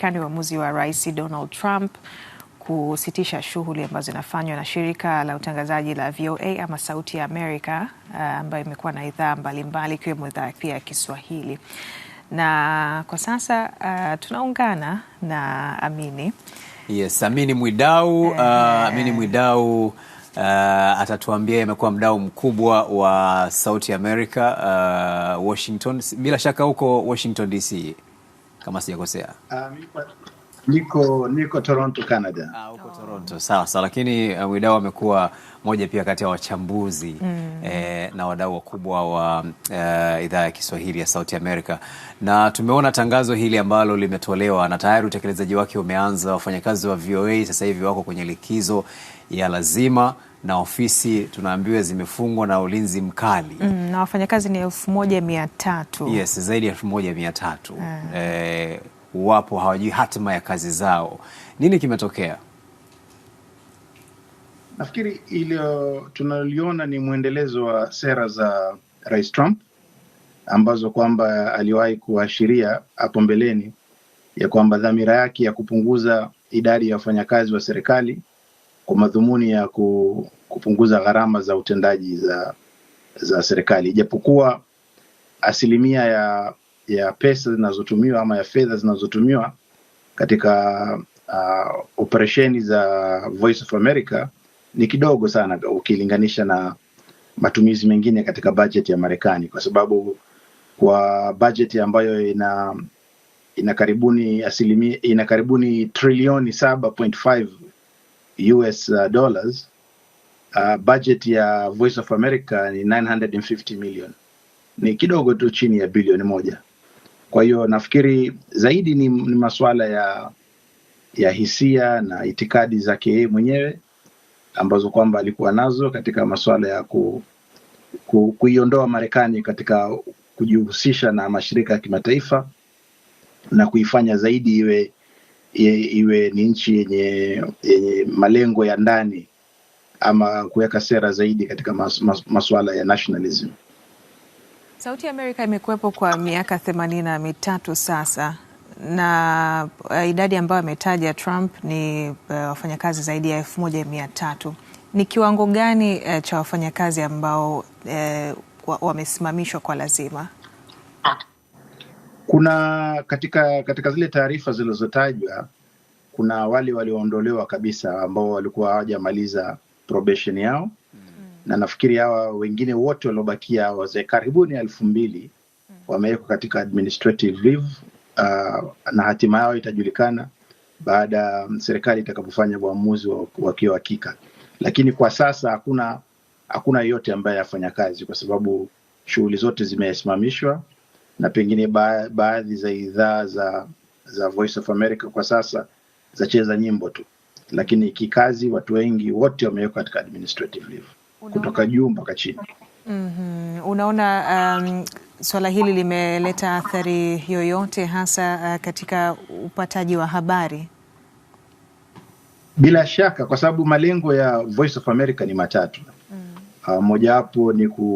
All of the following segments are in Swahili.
Kani uamuzi wa Rais Donald Trump kusitisha shughuli ambazo inafanywa na shirika la utangazaji la VOA ama Sauti ya Amerika eh, ambayo imekuwa na idhaa mbalimbali ikiwemo idhaa pia ya Kiswahili. Na kwa sasa uh, tunaungana na Amini. Yes, Amini Mwidau uh, Amini Mwidau Uh, atatuambia imekuwa mdau mkubwa wa Sauti America uh, Washington, bila shaka huko Washington DC kama sijakosea. Ah, niko niko Toronto, Canada. Ah, uko Toronto. Sawa sawa, lakini uh, eh, Mwidau amekuwa moja pia kati ya wachambuzi mm. eh, na wadau wakubwa wa uh, idhaa ya Kiswahili ya Sauti america na tumeona tangazo hili ambalo limetolewa na tayari utekelezaji wake umeanza. Wafanyakazi wa VOA sasa hivi wako kwenye likizo ya lazima na ofisi tunaambiwa zimefungwa na ulinzi mkali mm, na wafanyakazi ni elfu moja mia tatu yes, zaidi ya elfu moja mia tatu mm. E, wapo hawajui hatima ya kazi zao. Nini kimetokea? Nafikiri ilo tunaliona ni mwendelezo wa sera za Rais Trump ambazo kwamba aliwahi kuashiria hapo mbeleni ya kwamba dhamira yake ya kupunguza idadi ya wafanyakazi wa serikali kwa madhumuni ya kupunguza gharama za utendaji za za serikali, ijapokuwa asilimia ya ya pesa zinazotumiwa ama ya fedha zinazotumiwa katika uh, operesheni za Voice of America ni kidogo sana ukilinganisha na matumizi mengine katika bajeti ya Marekani, kwa sababu kwa bajeti ambayo ina ina karibuni asilimia ina karibuni trilioni 7.5 US uh, dollars uh, budget ya Voice of America ni 950 million, ni kidogo tu chini ya bilioni moja. Kwa hiyo nafikiri zaidi ni, ni masuala ya ya hisia na itikadi zake yeye mwenyewe ambazo kwamba alikuwa nazo katika masuala ya ku, ku, kuiondoa Marekani katika kujihusisha na mashirika ya kimataifa na kuifanya zaidi iwe iwe ni nchi yenye, yenye malengo ya ndani ama kuweka sera zaidi katika mas, mas, masuala ya nationalism. Sauti ya Amerika imekuwepo kwa miaka themanini na mitatu sasa na uh, idadi ambayo ametaja Trump ni uh, wafanyakazi zaidi ya elfu moja mia tatu. Ni kiwango gani uh, cha wafanyakazi ambao uh, wamesimamishwa kwa lazima? Kuna katika katika zile taarifa zilizotajwa, kuna wale walioondolewa kabisa ambao walikuwa hawajamaliza probation yao mm. na nafikiri hawa wengine wote waliobakia wazee karibuni elfu mbili mm. wamewekwa katika administrative leave uh, na hatima yao itajulikana baada ya serikali itakapofanya uamuzi wakiwa hakika lakini kwa sasa hakuna hakuna yeyote ambaye afanya kazi kwa sababu shughuli zote zimesimamishwa na pengine ba baadhi za idhaa za za Voice of America kwa sasa zacheza nyimbo tu, lakini kikazi watu wengi wote wamewekwa katika administrative leave kutoka juu mpaka chini. mm -hmm. Unaona, um, swala hili limeleta athari yoyote hasa uh, katika upataji wa habari? Bila shaka, kwa sababu malengo ya Voice of America ni matatu. Uh, mojawapo ni ku,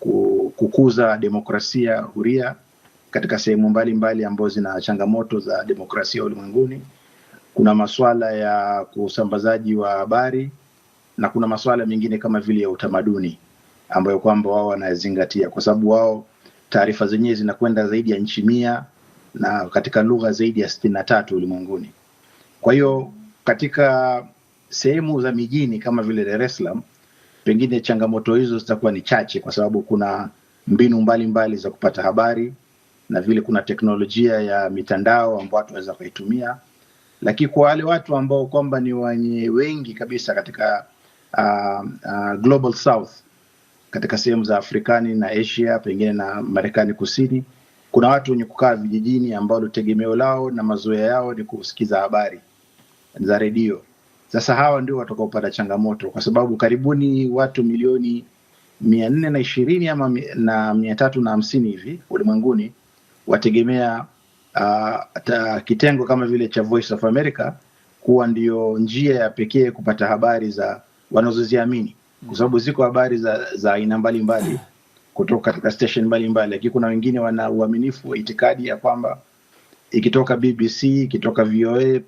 ku, kukuza demokrasia huria katika sehemu mbalimbali ambazo zina changamoto za demokrasia ulimwenguni. Kuna masuala ya usambazaji wa habari na kuna masuala mengine kama vile ya utamaduni ambayo kwamba wao wanazingatia, kwa sababu wao taarifa zenyewe zinakwenda zaidi ya nchi mia na katika lugha zaidi ya sitini na tatu ulimwenguni. Kwa hiyo katika sehemu za mijini kama vile Dar es Salaam Pengine changamoto hizo zitakuwa ni chache, kwa sababu kuna mbinu mbalimbali mbali za kupata habari na vile kuna teknolojia ya mitandao ambao watu waweza kuitumia, lakini kwa wale watu ambao kwamba ni wenye wengi kabisa katika uh, uh, Global South katika sehemu za Afrikani na Asia pengine na Marekani Kusini, kuna watu wenye kukaa vijijini ambao tegemeo lao na mazoea yao ni kusikiza habari za redio sasa hawa ndio watakaopata changamoto, kwa sababu karibuni watu milioni mia nne na ishirini ama na mia tatu na hamsini hivi ulimwenguni wategemea uh, kitengo kama vile cha Voice of America kuwa ndio njia ya pekee kupata habari za wanazoziamini, kwa sababu ziko habari za za aina mbalimbali kutoka katika station mbalimbali, lakini kuna wengine wana uaminifu wa itikadi ya kwamba ikitoka BBC, ikitoka VOA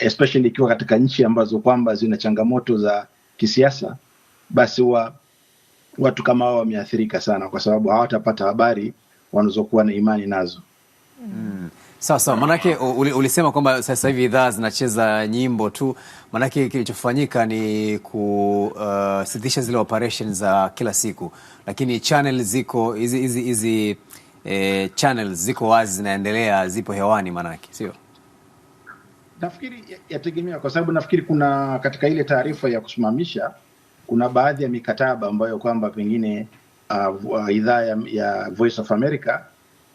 especially ikiwa katika nchi ambazo kwamba zina changamoto za kisiasa, basi wa, watu kama hao wameathirika sana, kwa sababu hawatapata habari wanazokuwa na imani nazo. Mm. Sawa sawa, maanake ulisema kwamba sasa hivi idhaa zinacheza nyimbo tu, maanake kilichofanyika ni kusitisha uh, zile operation za kila siku, lakini channel ziko hizi hizi eh, channels ziko wazi, zinaendelea, zipo hewani maanake, sio? Nafikiri yategemea kwa sababu nafikiri kuna katika ile taarifa ya kusimamisha kuna baadhi ya mikataba ambayo kwamba pengine uh, uh idhaa ya, ya Voice of America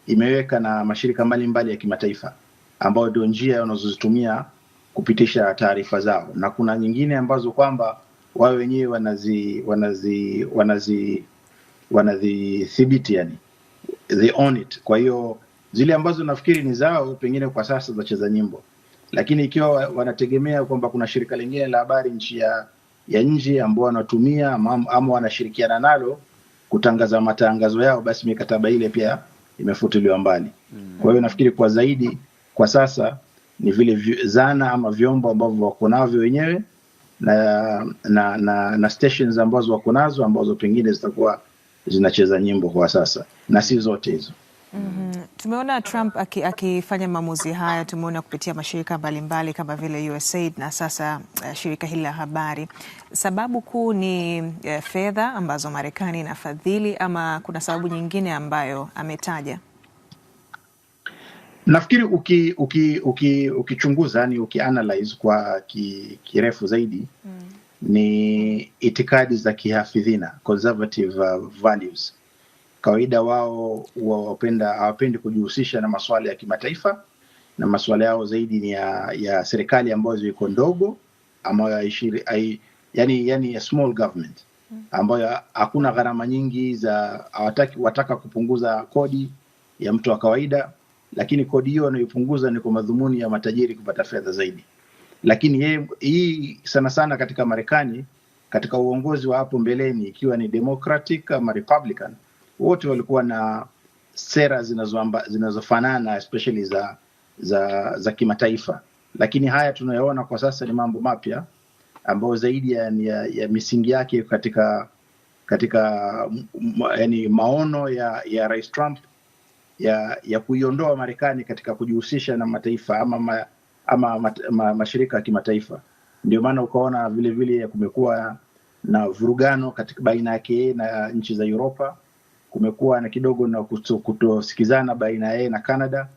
imeweka na mashirika mbalimbali mbali ya kimataifa ambayo ndio njia wanazozitumia kupitisha taarifa zao, na kuna nyingine ambazo kwamba wao wenyewe wanazi wanazi wanazi wanazithibiti yani, they own it. Kwa hiyo zile ambazo nafikiri ni zao pengine kwa sasa za cheza nyimbo lakini ikiwa wanategemea kwamba kuna shirika lingine la habari nchi ya, ya nje ambao wanatumia ama wanashirikiana nalo kutangaza matangazo yao, basi mikataba ile pia imefutiliwa mbali. Mm. Kwa hiyo nafikiri kwa zaidi kwa sasa ni vile zana ama vyombo ambavyo wako navyo wenyewe na, na, na, na stations ambazo wako nazo ambazo pengine zitakuwa zinacheza nyimbo kwa sasa na si zote hizo. Mm -hmm. Tumeona Trump akifanya aki maamuzi haya, tumeona kupitia mashirika mbalimbali kama vile USAID na sasa uh, shirika hili la habari. Sababu kuu ni uh, fedha ambazo Marekani inafadhili ama kuna sababu nyingine ambayo ametaja? Nafikiri uki, uki, uki, ukichunguza ni ukianalyze kwa ki, kirefu zaidi mm. Ni itikadi za kihafidhina conservative uh, values kawaida wao wawapenda hawapendi kujihusisha na masuala ya kimataifa na masuala yao zaidi ni ya, ya serikali ambayo ziko ndogo ambayo yani, yani small government ambayo hakuna gharama nyingi za hawataki wataka kupunguza kodi ya mtu wa kawaida, lakini kodi hiyo anayopunguza ni kwa madhumuni ya matajiri kupata fedha zaidi. Lakini ye, hii sana sana katika Marekani katika uongozi wa hapo mbeleni, ikiwa ni Democratic ama Republican wote walikuwa na sera zinazofanana especially za za za kimataifa, lakini haya tunayoona kwa sasa ni mambo mapya ambayo zaidi ya, ya, ya misingi yake katika katika yani maono ya, ya Rais Trump ya, ya kuiondoa Marekani katika kujihusisha na mataifa ama, ma, ama mat, ma, mashirika ya kimataifa. Ndio maana ukaona vilevile kumekuwa na vurugano katika baina yake na nchi za Uropa kumekuwa na kidogo na kutosikizana baina ya yeye na Canada.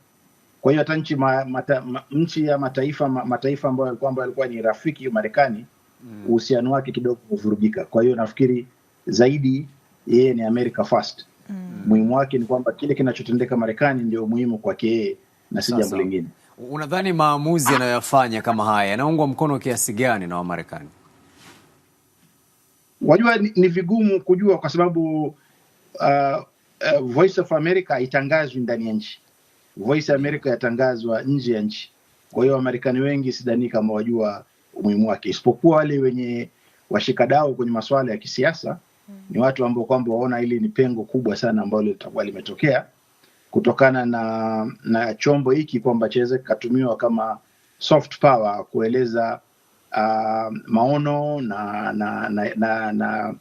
Kwa hiyo hata nchi ma, mata, ma, nchi ya mataifa ma, mataifa ambayo ambayo yalikuwa ni rafiki Marekani mm. uhusiano wake kidogo umevurugika. Kwa hiyo nafikiri zaidi yeye ni America first. Mm. Muhimu wake ni kwamba kile kinachotendeka Marekani ndio muhimu kwake yeye na si jambo lingine. Unadhani maamuzi yanayoyafanya kama haya yanaungwa mkono kiasi gani na Wamarekani? Wajua ni, ni vigumu kujua kwa sababu uh, uh, Voice of America haitangazwi ndani ya nchi. Voice America yatangazwa nje ya nchi. Kwa hiyo Wamarekani wengi sidhani kama wajua umuhimu wake, isipokuwa wale wenye washikadao kwenye masuala ya kisiasa mm. Ni watu ambao kwamba waona hili ni pengo kubwa sana ambalo litakuwa limetokea kutokana na na chombo hiki kwamba chaweza kikatumiwa kama soft power kueleza uh, maono na na na, na, na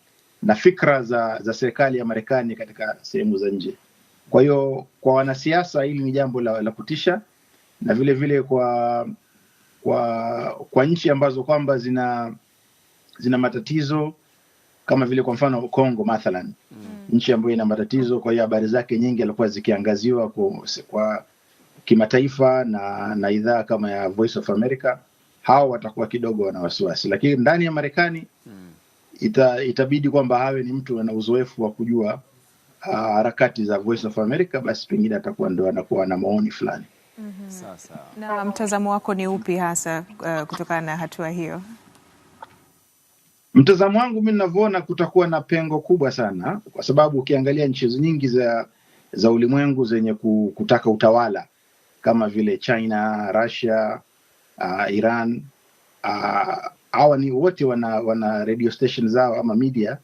na fikra za, za serikali ya Marekani katika sehemu za nje. Kwa hiyo kwa wanasiasa hili ni jambo la, la kutisha na vile vile kwa kwa, kwa nchi ambazo kwamba zina zina matatizo kama vile kwa mfano Kongo mathalan mm. nchi ambayo ina matatizo, kwa hiyo habari zake nyingi alikuwa zikiangaziwa kwa, kwa kimataifa na, na idhaa kama ya Voice of America. Hao watakuwa kidogo wana wasiwasi, lakini ndani ya Marekani mm ita, itabidi kwamba awe ni mtu ana uzoefu wa kujua ah, harakati uh, za Voice of America, basi pengine atakuwa ndo anakuwa na maoni fulani. mm -hmm. Sasa na mtazamo wako ni upi hasa uh, kutokana na hatua hiyo? Mtazamo wangu mi ninavyoona, kutakuwa na pengo kubwa sana, kwa sababu ukiangalia nchi nyingi za za ulimwengu zenye kutaka utawala kama vile China, Russia, uh, Iran uh, hawa ni wote wana, wana radio station zao ama media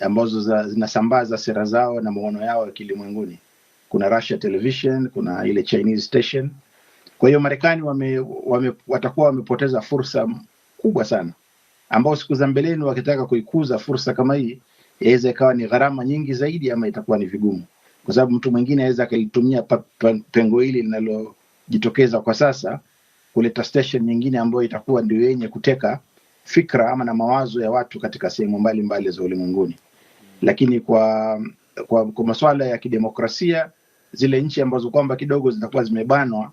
ambazo zinasambaza sera zao na maono yao ya kilimwenguni. Kuna Russia Television, kuna ile Chinese station. Kwa hiyo Marekani wame, wame, watakuwa wamepoteza fursa kubwa sana, ambao siku za mbeleni wakitaka kuikuza fursa kama hii yaweza ikawa ni gharama nyingi zaidi, ama itakuwa ni vigumu, kwa sababu mtu mwingine aweza akalitumia pengo hili linalojitokeza kwa sasa kuleta station nyingine ambayo itakuwa ndio yenye kuteka fikra ama na mawazo ya watu katika sehemu mbalimbali za ulimwenguni. Lakini kwa, kwa, kwa masuala ya kidemokrasia zile nchi ambazo kwamba kidogo zitakuwa zimebanwa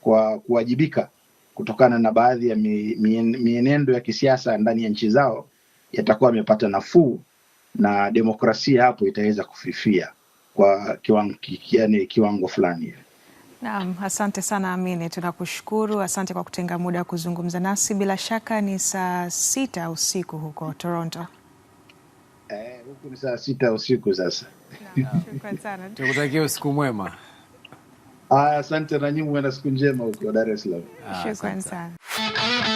kwa kuwajibika kutokana na baadhi ya mienendo ya kisiasa ndani ya nchi zao yatakuwa yamepata nafuu na demokrasia hapo itaweza kufifia kwa kiwango, yani kiwango fulani hivi. Naam, asante sana Amini, tunakushukuru. Asante kwa kutenga muda wa kuzungumza nasi. Bila shaka ni saa sita usiku huko Toronto. Eh, huku ni saa sita usiku sasa. Shukrani sana, tukutakia usiku mwema. Asante na nyinyi, mwe na siku njema huko Dar es Salaam. Shukrani sana.